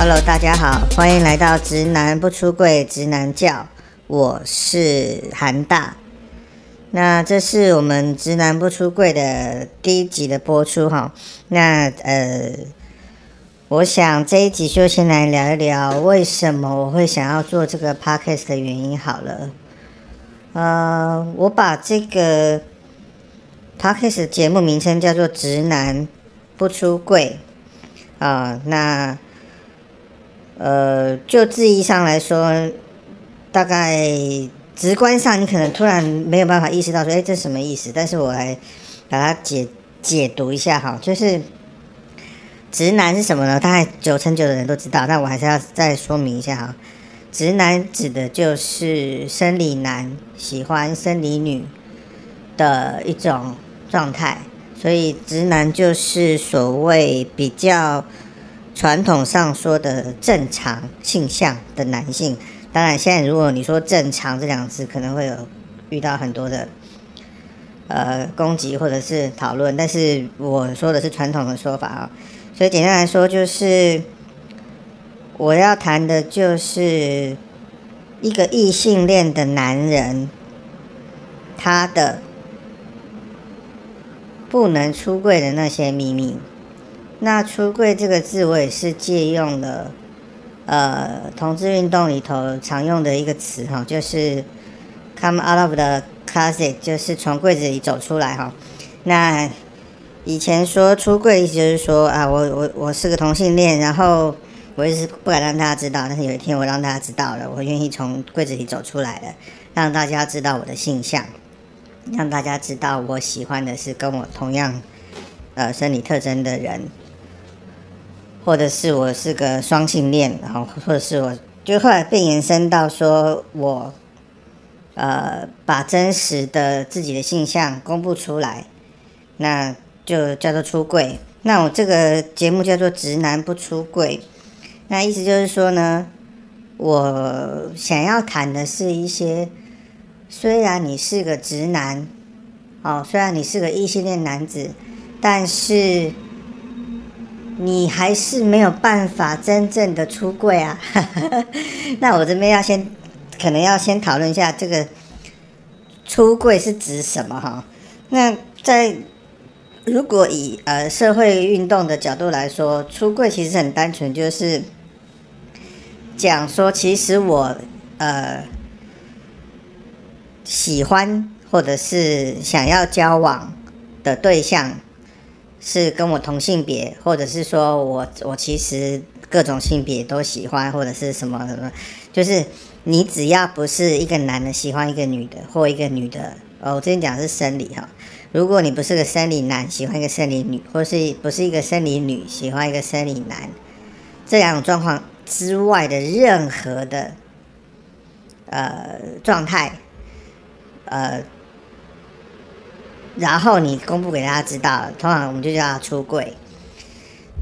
Hello，大家好，歡迎來到《直男不出櫃》，直男教，我是韓大。那這是我們《直男不出櫃》的第一集的播出哈。那呃，我想這一集就先來聊一聊為什麼我會想要做這個 podcast 的原因好了。呃，我把這個 podcast 節目名稱叫做《直男不出櫃》啊，呃，那。呃，就字義上來說，大概直觀上你可能突然沒有辦法意識到說，哎、欸，這是什麼意思？但是我來把它解解讀一下哈，就是直男是什麼呢？大概九成九的人都知道，但我還是要再說明一下哈。直男指的就是生理男喜歡生理女的一種狀態，所以直男就是所謂比較。傳統上說的正常性向的男性，當然現在如果你說“正常”這兩個字，可能會有遇到很多的呃攻擊或者是討論。但是我說的是傳統的說法啊，所以簡單來說就是我要談的就是一個異性戀的男人，他的不能出櫃的那些秘密。那出櫃這個字，我也是借用了，呃，同志運動裡頭常用的一個詞哈，就是 come out of the closet，就是從櫃子裡走出來哈。那以前說出櫃意思就是說啊，我我我是個同性戀，然後我也是不敢讓大家知道，但是有一天我讓大家知道了，我願意從櫃子裡走出來了，讓大家知道我的性向，讓大家知道我喜歡的是跟我同樣呃生理特徵的人。或者是我是個雙性戀，然後或者是我，就後來被延伸到說，我，呃，把真實的自己的性向公布出來，那就叫做出櫃。那我這個節目叫做《直男不出櫃》，那意思就是說呢，我想要談的是一些，雖然你是個直男，哦，雖然你是個異性戀男子，但是。你還是沒有辦法真正的出櫃啊？哈哈哈。那我這邊要先，可能要先討論一下這個出櫃是指什麼哈？那在如果以呃社會運動的角度來說，出櫃其實很單純，就是講說其實我呃喜歡或者是想要交往的對象。是跟我同性別，或者是說我我其實各種性別都喜歡，或者是什麼什麼，就是你只要不是一個男的喜歡一個女的，或一個女的哦，我之前講的是生理哈。如果你不是個生理男喜歡一個生理女，或是不是一個生理女喜歡一個生理男，這兩種狀況之外的任何的呃狀態，呃。然後你公布給大家知道了，通常我們就叫他出櫃。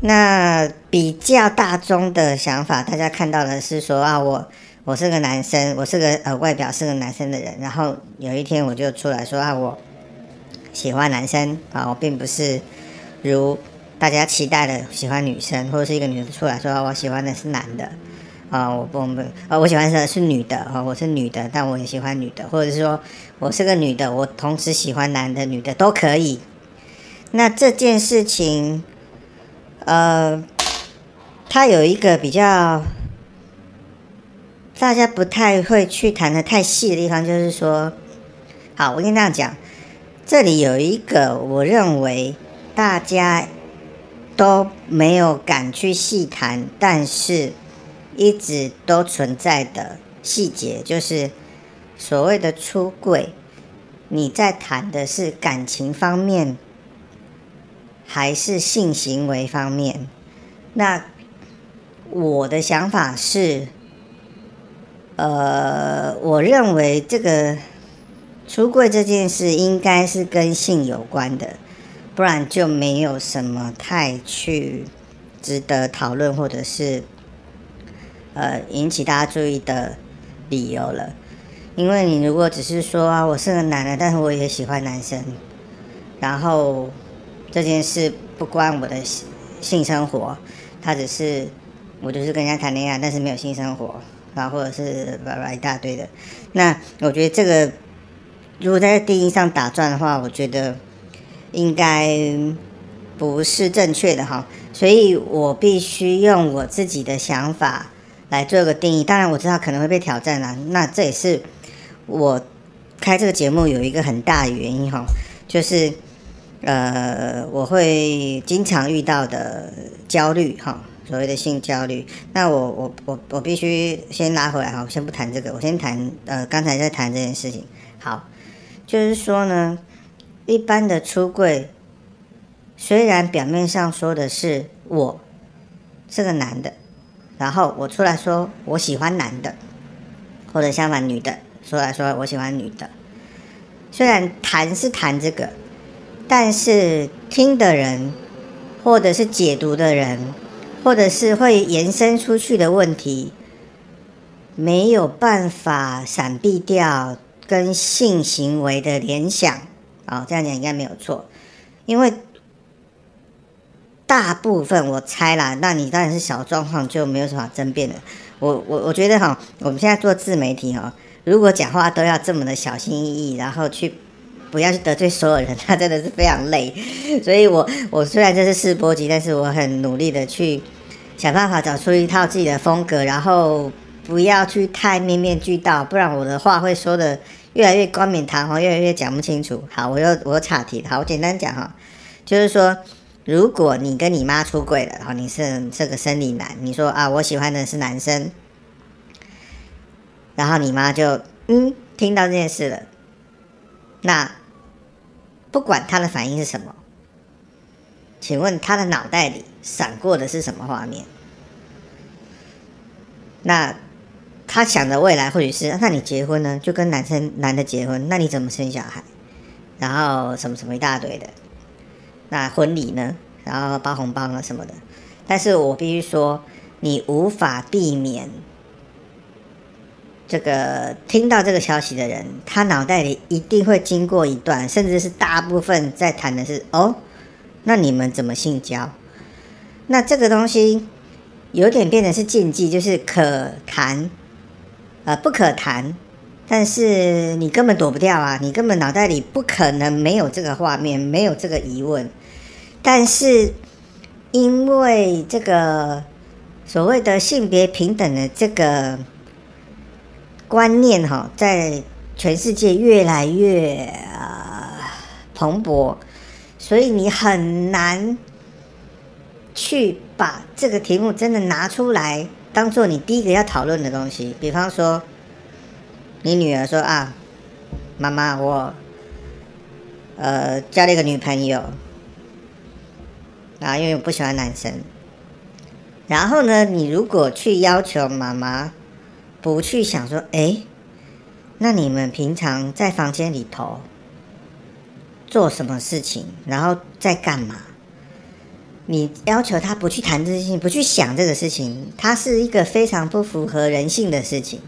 那比較大眾的想法，大家看到的是說啊，我我是個男生，我是個呃外表是個男生的人。然後有一天我就出來說啊，我喜歡男生啊，我並不是如大家期待的喜歡女生，或者是一個女生出來說，啊，我喜歡的是男的。啊、哦，我我不，啊，我喜歡的是女的啊、哦，我是女的，但我也喜歡女的，或者是說我是個女的，我同時喜歡男的、女的都可以。那這件事情，呃，它有一個比較大家不太會去談得太細的地方，就是說，好，我跟你這樣講，這裡有一個我認為大家都沒有敢去細談，但是。一直都存在的細節，就是所謂的出櫃。你在談的是感情方面，還是性行為方面？那我的想法是，呃，我認為這個出櫃這件事應該是跟性有關的，不然就沒有什麼太去值得討論或者是。呃，引起大家注意的理由了，因為你如果只是說啊，我是個男的，但是我也喜歡男生，然後這件事不關我的性性生活，他只是我就是跟人家談戀愛，但是沒有性生活，然後或者是啊啊一大堆的，那我覺得這個如果在定義上打轉的話，我覺得應該不是正確的哈，所以我必須用我自己的想法。來做個定義，當然我知道可能會被挑戰啦，那這也是我開這個節目有一個很大的原因哈，就是呃我會經常遇到的焦慮哈，所謂的性焦慮。那我我我我必須先拉回來哈，我先不談這個，我先談呃剛才在談這件事情。好，就是說呢，一般的出櫃，雖然表面上說的是我是個男的。然後我出來說我喜歡男的，或者相反女的，出來說我喜歡女的。雖然談是談這個，但是聽的人，或者是解讀的人，或者是會延伸出去的問題，沒有辦法閃避掉跟性行為的聯想。哦，這樣講應該沒有錯，因為。大部分我猜啦，那你當然是小狀況，就沒有什麼好爭辯的。我我我覺得哈，我們現在做自媒體哈，如果講話都要這麼的小心翼翼，然後去不要去得罪所有人，那真的是非常累。所以我我雖然這是試播集，但是我很努力的去想辦法找出一套自己的風格，然後不要去太面面俱到，不然我的話會說的越來越冠冕堂皇，越來越講不清楚。好，我又我又岔題了。好，我簡單講哈，就是說。如果你跟你媽出櫃了，然後你是這個生理男，你說，啊，我喜歡的是男生，然後你媽就嗯聽到這件事了，那不管她的反應是什麼，請問她的腦袋裡閃過的是什麼畫面？那她想的未來或許是，啊，那你結婚呢？就跟男生男的結婚，那你怎麼生小孩？然後什麼什麼一大堆的。那婚禮呢？然後包紅包啊什麼的。但是我必須說，你無法避免這個聽到這個消息的人，他腦袋裡一定會經過一段，甚至是大部分在談的是哦，那你們怎麼性交？那這個東西有點變成是禁忌，就是可談啊、呃，不可談，但是你根本躲不掉啊，你根本腦袋裡不可能沒有這個畫面，沒有這個疑問。但是，因為這個所謂的性別平等的這個觀念哈，在全世界越來越啊蓬勃，所以你很難去把這個題目真的拿出來當做你第一個要討論的東西。比方說，你女兒說：“啊，媽媽，我呃交了一個女朋友。”啊，因為我不喜歡男生。然後呢，你如果去要求媽媽，不去想說，哎，那你們平常在房間裡頭做什麼事情，然後在幹嘛？你要求她不去談這些事情，不去想這個事情，它是一個非常不符合人性的事情。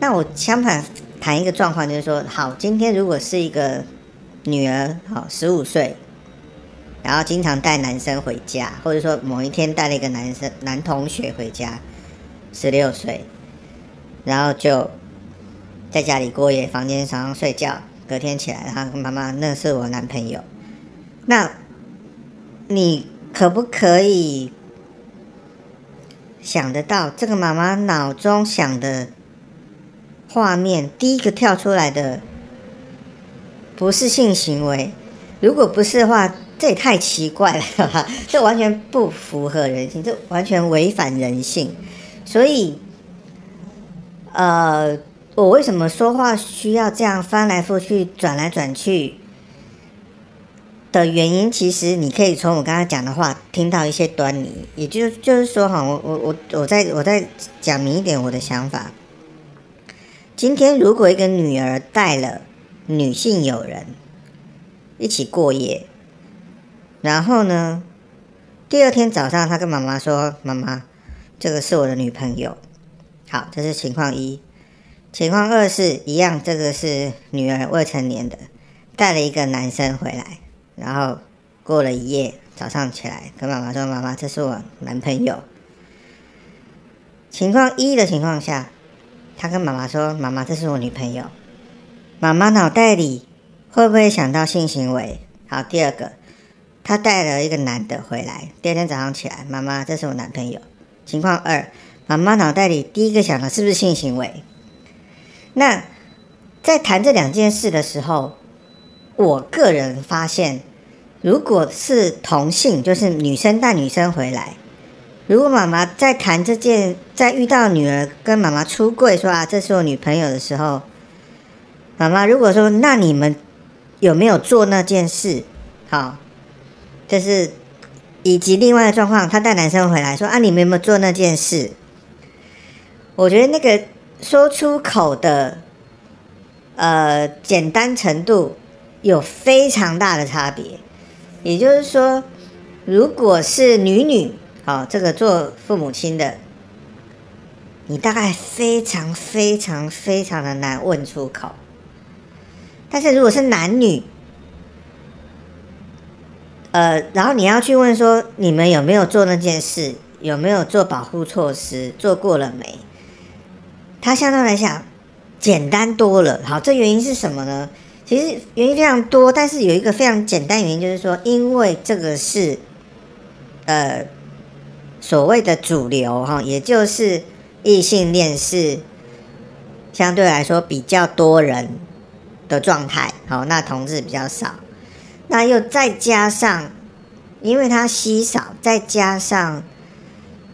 那我相反談一個狀況，就是說，好，今天如果是一個女兒，好，哦，十五歲。然後經常帶男生回家，或者說某一天帶了一個男生男同學回家，十六歲，然後就在家裡過夜，房間床上睡覺，隔天起來，然後媽媽那是我男朋友。那你可不可以想得到，這個媽媽腦中想的畫面，第一個跳出來的不是性行為，如果不是的話？這也太奇怪了是吧，這完全不符合人性，這完全違反人性。所以，呃，我為什麼說話需要這樣翻來覆去、轉來轉去的原因，其實你可以從我剛才講的話聽到一些端倪。也就是，就是說，哈，我我我我再我再講明一點我的想法。今天如果一個女兒帶了女性友人一起過夜，然後呢，第二天早上，他跟媽媽說：“媽媽，這個是我的女朋友。”好，這是情況一。情況二是一樣，這個是女兒未成年的帶了一個男生回來，然後過了一夜，早上起來跟媽媽說：“媽媽，這是我男朋友。”情況一的情況下，他跟媽媽說：“媽媽，這是我女朋友。”媽媽腦袋裡會不會想到性行為？好，第二個。他帶了一個男的回來，第二天早上起來，媽媽，這是我男朋友。情況二，媽媽腦袋裡第一個想的是不是性行為？那在談這兩件事的時候，我個人發現，如果是同性，就是女生帶女生回來，如果媽媽在談這件，在遇到女兒跟媽媽出櫃說啊，這是我女朋友的時候，媽媽如果說，那你們有沒有做那件事？好。就是以及另外的狀況，他帶男生回來說：“啊，你們有沒有做那件事？”我覺得那個說出口的，呃，簡單程度有非常大的差別。也就是說，如果是女女，好，這個做父母親的，你大概非常非常非常的難問出口。但是如果是男女，呃，然後你要去問說，你們有沒有做那件事，有沒有做保護措施，做過了沒？他相對來講簡單多了。好，這原因是什麼呢？其實原因非常多，但是有一個非常簡單原因，就是說因為這個是呃所謂的主流哈，也就是異性戀是相對來說比較多人的狀態，好，那同志比較少。那、啊、又再加上，因為它稀少，再加上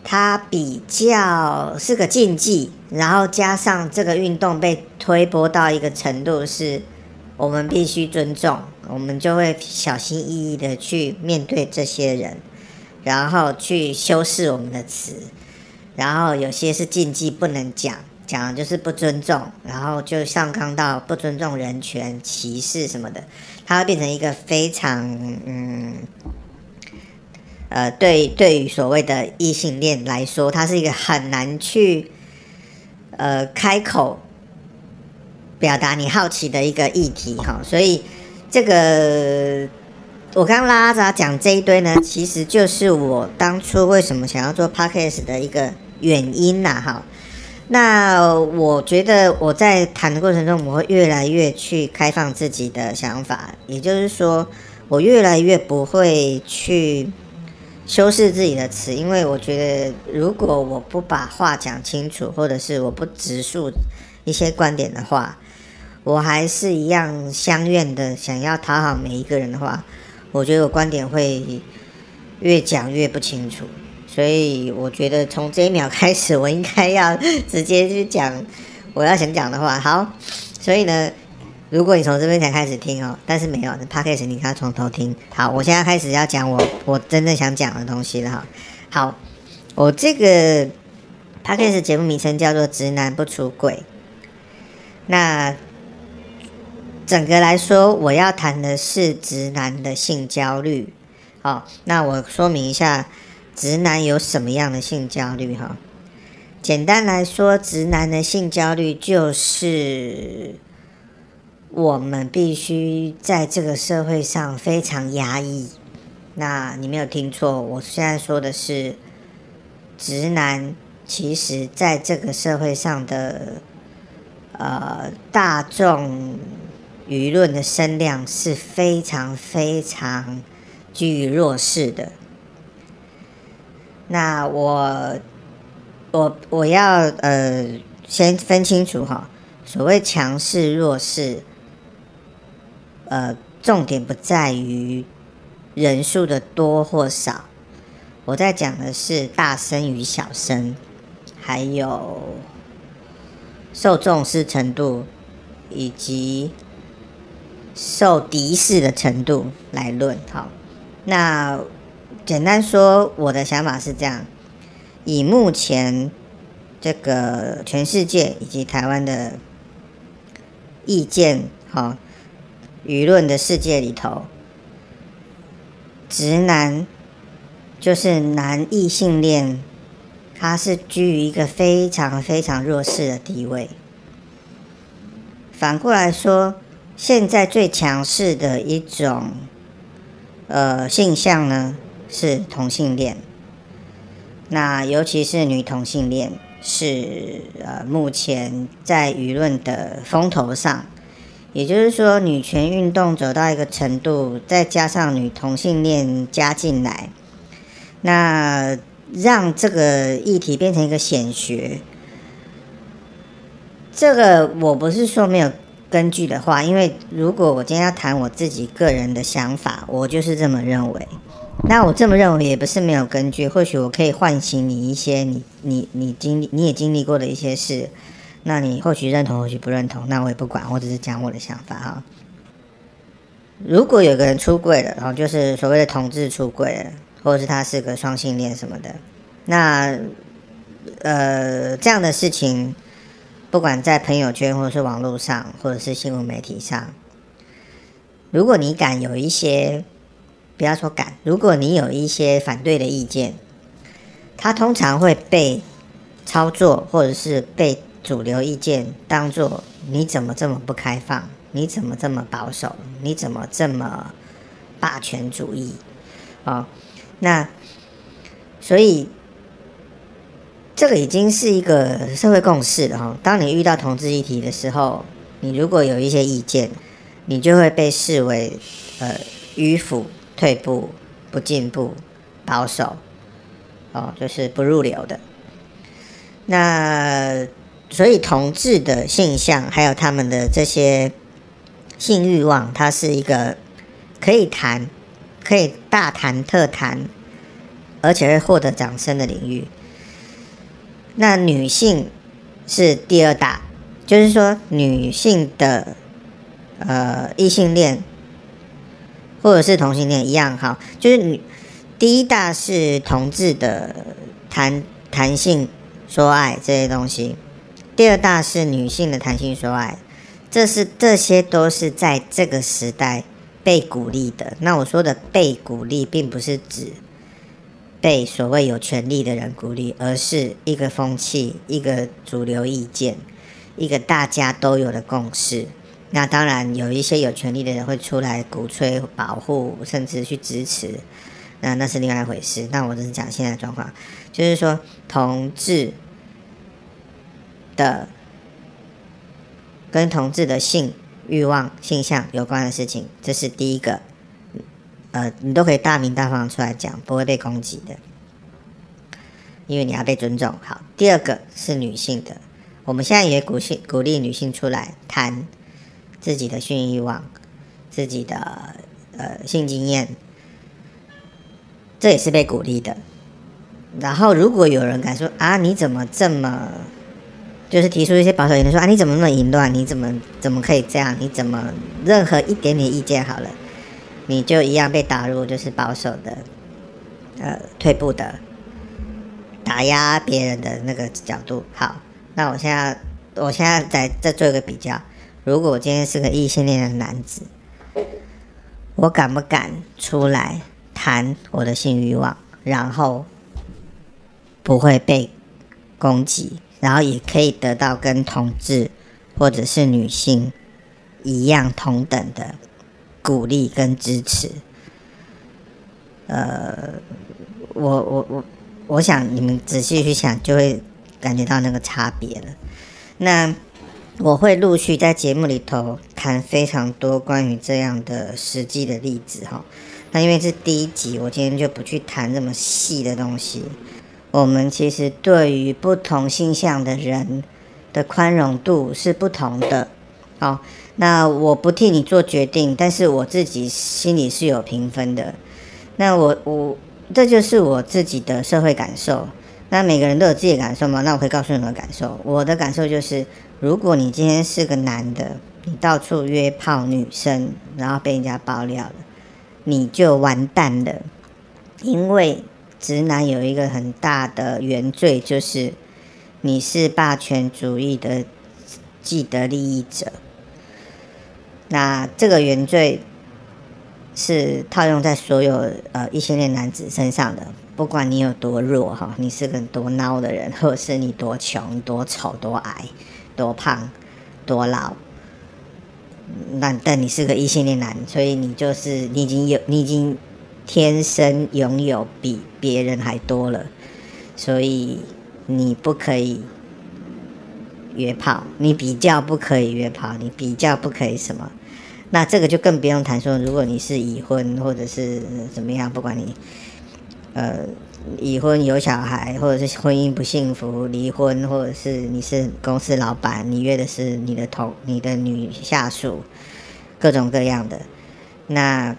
它比較是個禁忌，然後加上這個運動被推波到一個程度是，我們必須尊重，我們就會小心翼翼的去面對這些人，然後去修飾我們的詞，然後有些是禁忌不能講。講就是不尊重，然後就上綱到不尊重人權、歧視什麼的，它會變成一個非常嗯，呃，對對於所謂的異性戀來說，它是一個很難去呃開口表達你好奇的一個議題哈、哦。所以這個我剛拉着他講這一堆呢，其實就是我當初為什麼想要做 Podcast 的一個原因吶、啊，好、哦。那我覺得我在談的過程中，我會越來越去開放自己的想法，也就是說，我越來越不會去修飾自己的詞，因為我覺得如果我不把話講清楚，或者是我不直述一些觀點的話，我還是一樣鄉願的想要討好每一個人的話，我覺得我觀點會越講越不清楚。所以我覺得從這一秒開始，我應該要直接去講我要想講的話。好，所以呢，如果你從這邊才開始聽哦，但是沒有，那 podcast 你剛要從頭聽。好，我現在開始要講我我真正想講的東西了。好，好，我這個 podcast 節目名稱叫做《直男不出櫃》。那整個來說，我要談的是直男的性焦慮。好，那我說明一下。直男有什麼樣的性焦慮？哈，簡單來說，直男的性焦慮就是我們必須在這個社會上非常壓抑。那你沒有聽錯，我現在說的是，直男其實在這個社會上的呃大眾輿論的聲量是非常非常居於弱勢的。那我，我我要呃，先分清楚哈，所謂強勢弱勢，呃，重點不在於人數的多或少，我在講的是大聲與小聲，還有受重視程度以及受敵視的程度來論好，那。簡單說，我的想法是這樣：以目前這個全世界以及台灣的意見、好輿論的世界裡頭，直男就是男異性戀，他是居於一個非常非常弱勢的地位。反過來說，現在最強勢的一種呃性向呢？是同性戀，那尤其是女同性戀，是呃，目前在輿論的風頭上。也就是說，女權運動走到一個程度，再加上女同性戀加進來，那讓這個議題變成一個顯學。這個我不是說沒有根據的話，因為如果我今天要談我自己個人的想法，我就是這麼認為。那我這麼認為也不是沒有根據，或許我可以喚醒你一些你你你，你經歷你也經歷過的一些事，那你或許認同或許不認同，那我也不管，我只是講我的想法哈。如果有個人出櫃了，然後就是所謂的同志出櫃了，或者是他是個雙性戀什麼的，那呃這樣的事情，不管在朋友圈或者是網絡上或者是新聞媒體上，如果你敢有一些。不要說敢，如果你有一些反對的意見，他通常會被操作，或者是被主流意見當做你怎麼這麼不開放？你怎麼這麼保守？你怎麼這麼霸權主義？哦，那所以這個已經是一個社會共識了哈，哦。當你遇到同志議題的時候，你如果有一些意見，你就會被視為呃迂腐。退步、不進步、保守，哦，就是不入流的。那所以同志的性向，還有他們的這些性慾望，它是一個可以談、可以大談特談，而且會獲得掌聲的領域。那女性是第二大，就是說女性的呃異性戀。或者是同性戀一樣好，就是你第一大是同志的談談性說愛這些東西，第二大是女性的談性說愛，這是這些都是在這個時代被鼓勵的。那我說的被鼓勵，並不是指被所謂有權力的人鼓勵，而是一個風氣、一個主流意見、一個大家都有的共識。那當然，有一些有權力的人會出來鼓吹保護，甚至去支持，那那是另外一回事。那我只是講現在的狀況，就是說，同志的跟同志的性欲望、性向有關的事情，這是第一個，呃，你都可以大鳴大放出來講，不會被攻擊的，因為你要被尊重。好，第二個是女性的，我們現在也鼓勵鼓勵女性出來談。自己的性慾望，自己的呃性經驗，這也是被鼓勵的。然後，如果有人敢說啊，你怎麼這麼，就是提出一些保守言論說啊，你怎麼那麼淫亂？你怎麼怎麼可以這樣？你怎麼任何一點點意見好了，你就一樣被打入就是保守的、呃退步的、打壓別人的那個角度。好，那我現在我現在再再做一個比較。如果我今天是個異性戀的男子，我敢不敢出來談我的性慾望，然後不會被攻擊，然後也可以得到跟同志或者是女性一樣同等的鼓勵跟支持？呃，我我我，我想你們仔細去想，就會感覺到那個差別了。那。我會陸續在節目裡頭談非常多關於這樣的實際的例子哈。那因為是第一集，我今天就不去談這麼細的東西。我們其實對於不同性向的人的寬容度是不同的。好，那我不替你做決定，但是我自己心裡是有評分的。那我我這就是我自己的社會感受。那每個人都有自己的感受嗎？那我可以告訴你們的感受。我的感受就是，如果你今天是個男的，你到處約炮女生，然後被人家爆料了，你就完蛋了。因為直男有一個很大的原罪，就是你是霸權主義的既得利益者。那這個原罪是套用在所有呃異性戀男子身上的。不管你有多弱哈，你是個多孬的人，或者是你多窮、多醜、多矮、多胖、多老，那但你是個異性戀男，所以你就是你已經有你已經天生擁有比別人還多了，所以你不可以約炮，你比較不可以約炮，你比較不可以什麼？那這個就更不用談說，如果你是已婚或者是怎麼樣，不管你。呃，已婚有小孩，或者是婚姻不幸福，離婚，或者是你是公司老闆，你約的是你的同，你的女下屬，各種各樣的。那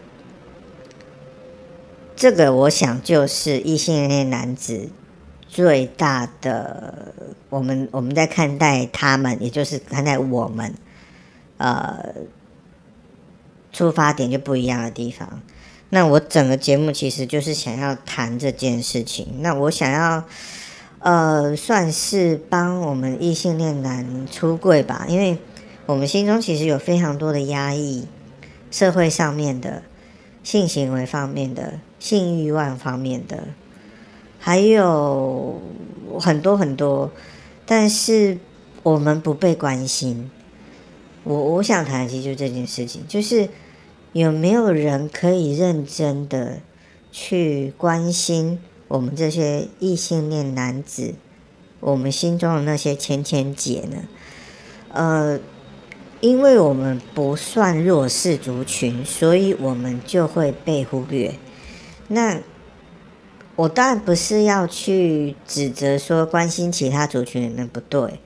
這個我想就是異性戀男子最大的，我們我們在看待他們，也就是看待我們，呃，出發點就不一樣的地方。那我整個節目其實就是想要談這件事情。那我想要，呃，算是幫我們異性戀男出櫃吧，因為我們心中其實有非常多的壓抑，社會上面的性行為方面的、性欲望方面的，還有很多很多，但是我們不被關心。我我想談其實就這件事情，就是。有沒有人可以認真的去關心我們這些異性戀男子，我們心中的那些千千結呢？呃，因為我們不算弱勢族群，所以我們就會被忽略。那我當然不是要去指責說，關心其他族群的人不對，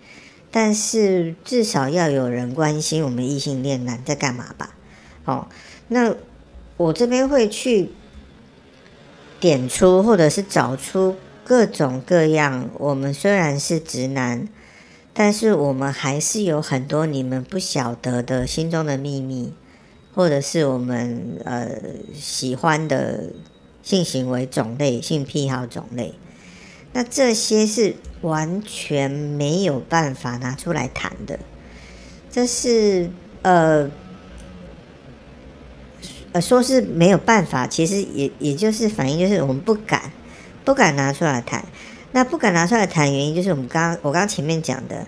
但是至少要有人關心我們異性戀男在幹嘛吧？哦。那我這邊會去點出，或者是找出各種各樣。我們雖然是直男，但是我們還是有很多你們不曉得的心中的秘密，或者是我們呃喜歡的性行為種類、性癖好種類。那這些是完全沒有辦法拿出來談的，這是呃。說是沒有辦法，其實也也就是反映，就是我們不敢，不敢拿出來談。那不敢拿出來談原因，就是我們剛我剛前面講的，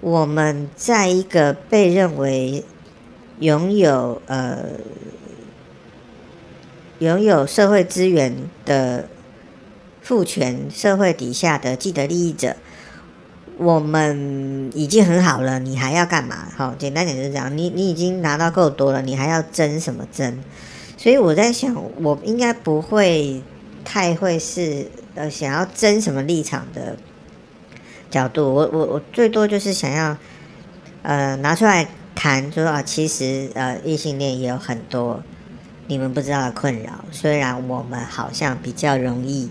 我們在一個被認為擁有呃，擁有社會資源的父權社會底下的既得利益者。我們已經很好了，你還要幹嘛？好、哦，簡單點就是這樣。你你已經拿到夠多了，你還要爭什麼爭？所以我在想，我應該不會太會是呃想要爭什麼立場的角度。我我我最多就是想要呃拿出來談說，說啊，其實呃異性戀也有很多你們不知道的困擾。雖然我們好像比較容易，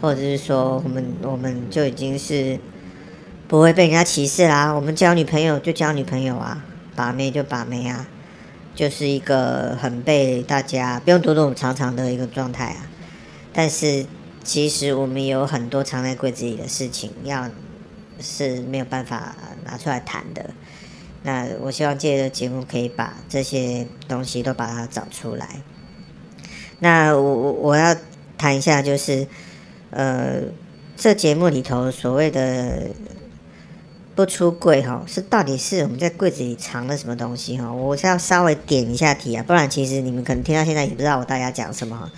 或者是說我們我們就已經是。不會被人家歧視啦，啊，我們交女朋友就交女朋友啊，把妹就把妹啊，就是一個很被大家不用躲躲藏藏的一個狀態啊。但是其實我們有很多藏在櫃子裡的事情，要是沒有辦法拿出來談的。那我希望借着節目可以把這些東西都把它找出來。那我我我要談一下，就是呃，這節目裡頭所謂的。不出櫃哈，是到底是我們在櫃子裡藏了什麼東西哈？我是要稍微點一下題啊，不然其實你們可能聽到現在也不知道我大家講什麼。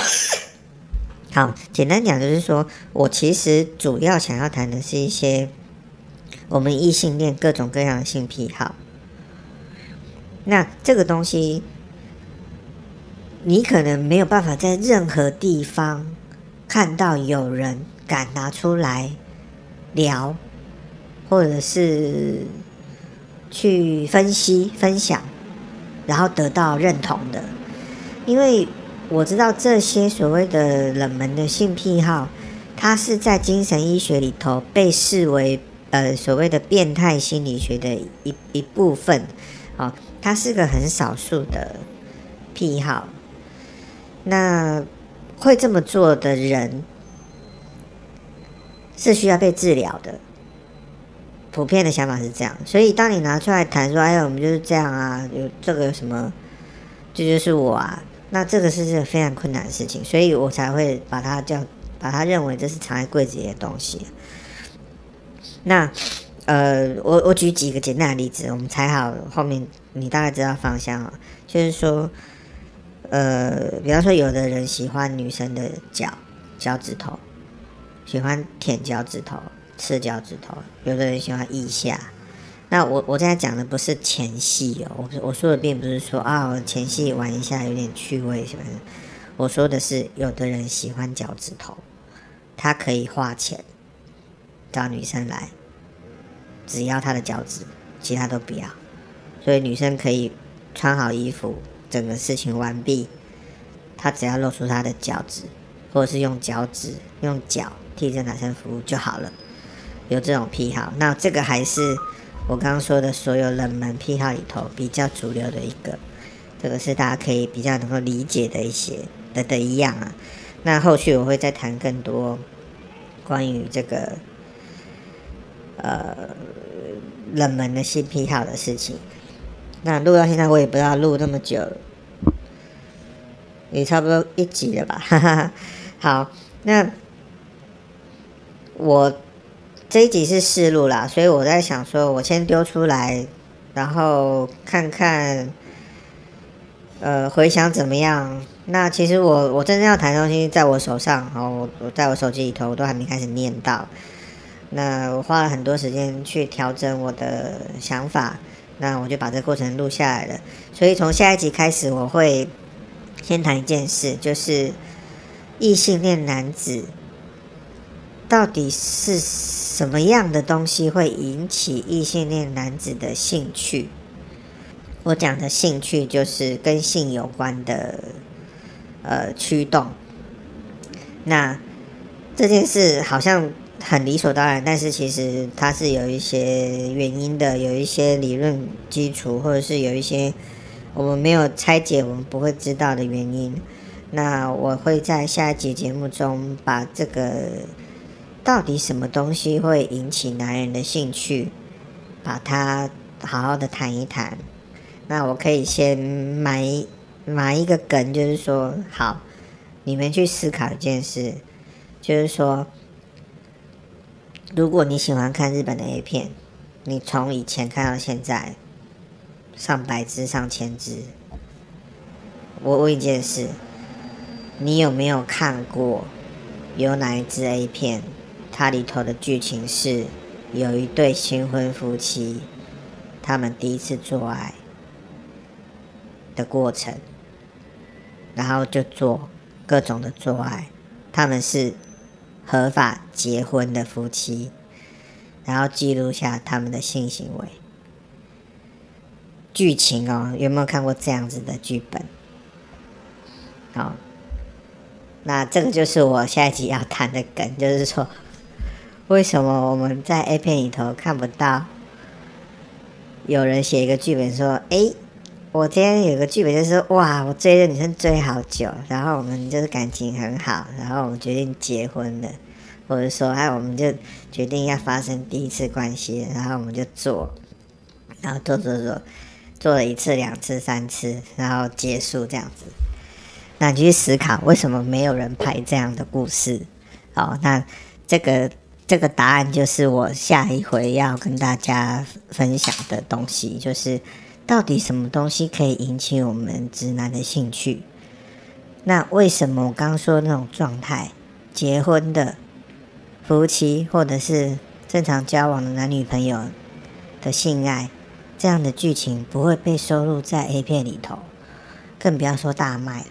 好，簡單講就是說，我其實主要想要談的是一些我們異性戀各種各樣的性癖好。那這個東西，你可能沒有辦法在任何地方看到有人敢拿出來，聊，或者是去分析、分享，然後得到認同的。因為我知道這些所謂的冷門的性癖好，它是在精神醫學裡頭被視為呃所謂的變態心理學的一一部分。好、哦，它是個很少數的癖好。那會這麼做的人。是需要被治療的，普遍的想法是這樣，所以當你拿出來談說，哎呀，我們就是這樣啊，有這個有什麼，這就是我啊，那這個是件非常困難的事情，所以我才會把它叫，把它認為這是藏在櫃子裡的東西。那，呃，我我舉幾個簡單的例子，我們才好後面你大概知道方向啊，就是說，呃，比方說，有的人喜歡女生的腳腳趾頭。喜歡舔腳趾頭、吃腳趾頭，有的人喜歡腋下。那我我現在講的不是前戲哦，我我說的並不是說啊、哦，前戲玩一下有點趣味什麼的。我說的是，有的人喜歡腳趾頭，他可以花錢找女生來，只要她的腳趾，其他都不要。所以女生可以穿好衣服，整個事情完畢，她只要露出她的腳趾，或者是用腳趾、用腳。替這男生服務就好了，有這種癖好。那這個還是我剛剛說的所有冷門癖好裡頭比較主流的一個，這個是大家可以比較能夠理解的一些的的一樣啊。那後續我會再談更多關於這個呃冷門的性癖好的事情。那錄到現在我也不知道錄那麼久，也差不多一集了吧？哈哈哈，好，那。我這一集是試錄啦，所以我在想說，我先丟出來，然後看看，呃，回響怎麼樣？那其實我我真正要談的東西，在我手上，然後我在我手機裡頭，我都還沒開始念到。那我花了很多時間去調整我的想法，那我就把這個過程錄下來了。所以從下一集開始，我會先談一件事，就是異性戀男子。到底是什麼樣的東西會引起異性戀男子的興趣？我講的興趣就是跟性有關的，呃，驅動。那這件事好像很理所當然，但是其實它是有一些原因的，有一些理論基礎，或者是有一些我們沒有拆解，我們不會知道的原因。那我會在下一集節目中把這個。到底什麼東西會引起男人的興趣？把它好好的談一談。那我可以先埋埋一個梗，就是說，好，你們去思考一件事，就是說，如果你喜歡看日本的 A 片，你從以前看到現在，上百支上千支。我問一件事，你有沒有看過有哪一支 A 片？它裡頭的劇情是有一對新婚夫妻，他們第一次做愛的過程，然後就做各種的做愛。他們是合法結婚的夫妻，然後記錄下他們的性行為。劇情哦，有沒有看過這樣子的劇本？好，那這個就是我下一集要談的梗，就是說。為什麼我們在 A 片裡頭看不到有人寫一個劇本說，誒，我今天有個劇本就是說，哇，我追了女生追好久，然後我們就是感情很好，然後我們決定結婚了，或者說，哎、啊，我們就決定要發生第一次關係，然後我們就做，然後做做做，做了一次、兩次、三次，然後結束這樣子。那你去思考，為什麼沒有人拍這樣的故事？哦，那這個。這個答案就是我下一回要跟大家分享的東西，就是到底什麼東西可以引起我們直男的興趣？那為什麼我剛說那種狀態，結婚的夫妻或者是正常交往的男女朋友的性愛這樣的劇情不會被收錄在 A 片裡頭，更不要說大賣了？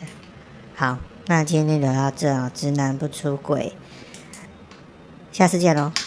好，那今天就聊到這啊，直男不出櫃。下次見嘍。